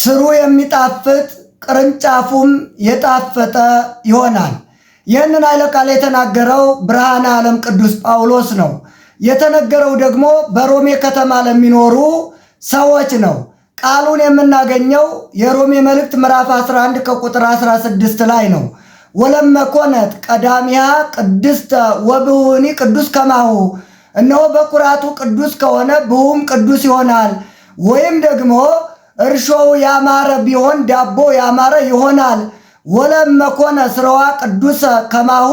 ስሩ የሚጣፍጥ ቅርንጫፉም የጣፈጠ ይሆናል። ይህንን ኃይለ ቃል የተናገረው ብርሃነ ዓለም ቅዱስ ጳውሎስ ነው። የተነገረው ደግሞ በሮሜ ከተማ ለሚኖሩ ሰዎች ነው። ቃሉን የምናገኘው የሮሜ መልእክት ምዕራፍ 11 ከቁጥር 16 ላይ ነው። ወለመኮነት ቀዳሚያ ቅድስተ ወብሁኒ ቅዱስ ከማሁ እነሆ በኩራቱ ቅዱስ ከሆነ ብሁም ቅዱስ ይሆናል ወይም ደግሞ እርሾው ያማረ ቢሆን ዳቦ ያማረ ይሆናል። ወለም መኮነ ስራዋ ቅዱሰ ከማሁ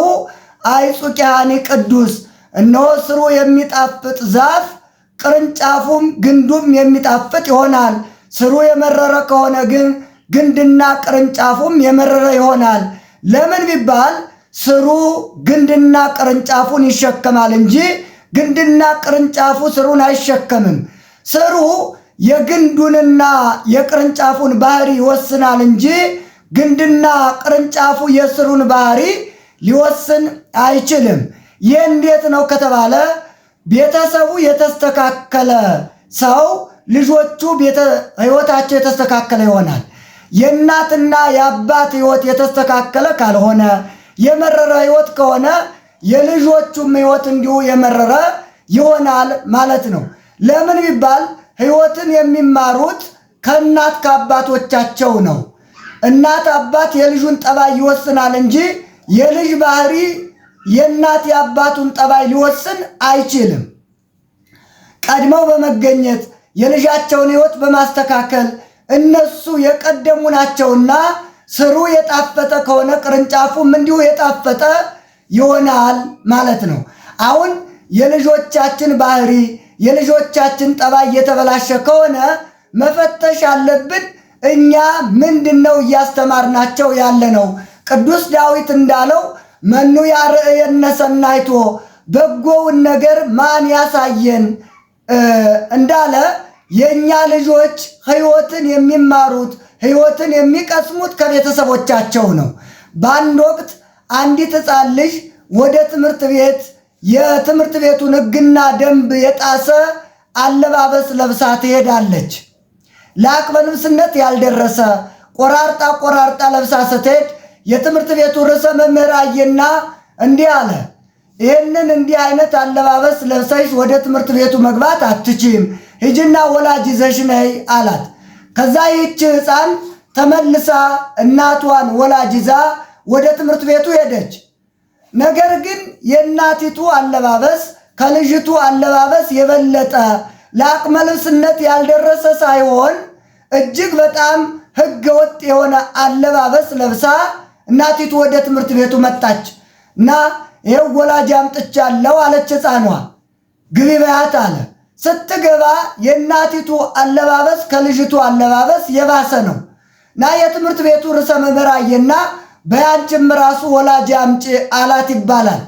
አይጹቂያኒ ቅዱስ እነሆ ስሩ የሚጣፍጥ ዛፍ ቅርንጫፉም ግንዱም የሚጣፍጥ ይሆናል። ስሩ የመረረ ከሆነ ግን ግንድና ቅርንጫፉም የመረረ ይሆናል። ለምን ቢባል ስሩ ግንድና ቅርንጫፉን ይሸከማል እንጂ ግንድና ቅርንጫፉ ስሩን አይሸከምም። ስሩ የግንዱንና የቅርንጫፉን ባህሪ ይወስናል እንጂ ግንድና ቅርንጫፉ የስሩን ባህሪ ሊወስን አይችልም። ይህ እንዴት ነው ከተባለ ቤተሰቡ የተስተካከለ ሰው ልጆቹ ሕይወታቸው የተስተካከለ ይሆናል። የእናትና የአባት ሕይወት የተስተካከለ ካልሆነ የመረረ ሕይወት ከሆነ የልጆቹም ሕይወት እንዲሁ የመረረ ይሆናል ማለት ነው። ለምን ቢባል ሕይወትን የሚማሩት ከእናት ከአባቶቻቸው ነው። እናት አባት የልጁን ጠባይ ይወስናል እንጂ የልጅ ባህሪ የእናት የአባቱን ጠባይ ሊወስን አይችልም። ቀድመው በመገኘት የልጃቸውን ሕይወት በማስተካከል እነሱ የቀደሙ ናቸውና ስሩ የጣፈጠ ከሆነ ቅርንጫፉም እንዲሁ የጣፈጠ ይሆናል ማለት ነው። አሁን የልጆቻችን ባህሪ የልጆቻችን ጠባይ እየተበላሸ ከሆነ መፈተሽ አለብን እኛ ምንድን ነው እያስተማርናቸው ያለ ነው። ቅዱስ ዳዊት እንዳለው መኑ ያርዕየነ ሰናይቶ በጎውን ነገር ማን ያሳየን እንዳለ የእኛ ልጆች ሕይወትን የሚማሩት ሕይወትን የሚቀስሙት ከቤተሰቦቻቸው ነው። በአንድ ወቅት አንዲት ሕፃን ልጅ ወደ ትምህርት ቤት የትምህርት ቤቱን ሕግና ደንብ የጣሰ አለባበስ ለብሳ ትሄዳለች። ለአቅመልብስነት ያልደረሰ ቆራርጣ ቆራርጣ ለብሳ ስትሄድ የትምህርት ቤቱ ርዕሰ መምህር አየና እንዲህ አለ፣ ይህንን እንዲህ አይነት አለባበስ ለብሰሽ ወደ ትምህርት ቤቱ መግባት አትችም፣ ሂጂና ወላጅ ይዘሽ ነይ አላት። ከዛ ይህች ሕፃን ተመልሳ እናቷን ወላጅ ይዛ ወደ ትምህርት ቤቱ ሄደች። ነገር ግን የእናቲቱ አለባበስ ከልጅቱ አለባበስ የበለጠ ለአቅመ ልብስነት ያልደረሰ ሳይሆን እጅግ በጣም ሕገ ወጥ የሆነ አለባበስ ለብሳ እናቲቱ ወደ ትምህርት ቤቱ መጣች እና ይኸው ወላጅ አምጥቻለሁ አለች ሕፃኗ። ግቢ በያት አለ። ስትገባ የእናቲቱ አለባበስ ከልጅቱ አለባበስ የባሰ ነው እና የትምህርት ቤቱ ርዕሰ መምህር አየና በያንቺም ራሱ ወላጅ አምጪ አላት ይባላል።